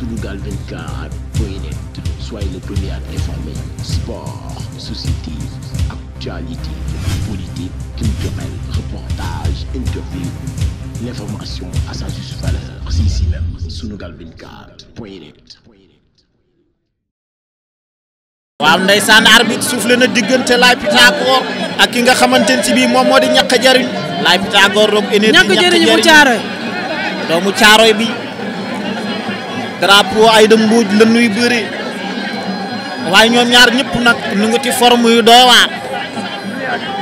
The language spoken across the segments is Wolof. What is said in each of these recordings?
Sunugal 24 point net soyez le premier à être informé sport société actualité politique culturelle reportage interview l'information à diggante Laye ak ki nga xamante ne si moom moo di ñàkk jariñ Laye roog énergie ñàkk jariñ mu caaro doomu caaro bi. drapeau ay dem mbuuj nuy bëri waaye ñoom ñaar ñëpp nag ñu ngi ci forme yu doy waar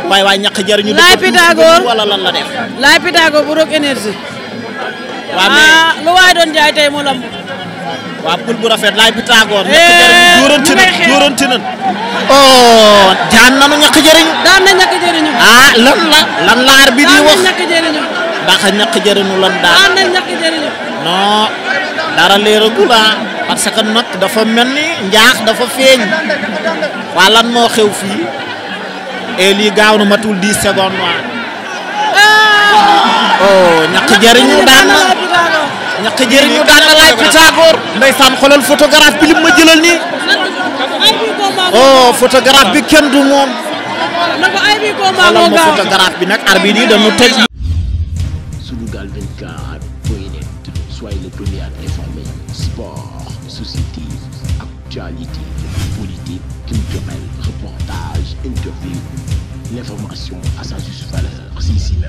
waaye waaye ñàkk jariñu. laay Pythagore wala lan la def. laay Pythagore bu roog énergie. waaw ah, lu waay doon jaay tey mu lamb. waaw pul bu rafet laay Pythagore. ñàkk eh, jariñu dóorante jaan oh, nanu ñàkk jariñu. daan na ñàkk jariñu. Ah, lan laar bi di wax daan na ñàkk jariñu. lan daan. daan na jariñu. non. dara leeragul ah parce que nag dafa mel ni njaax dafa feeñ waa lan moo xew fii et eh, lii gaaw na matul 10 secondes waa oh ñàkk jëriñu daan na ñàkk jëriñu ndeysaan xoolal photographe bi lim ma jëlal nii oh photographe bi kenn du moom xoolal ma photographe bi nag arbitre yi dañu teg Sunugal Soyez le premier à informer. Sport, société, actualité, politique, culturelle, reportage, interview. L'information à sa juste valeur. C'est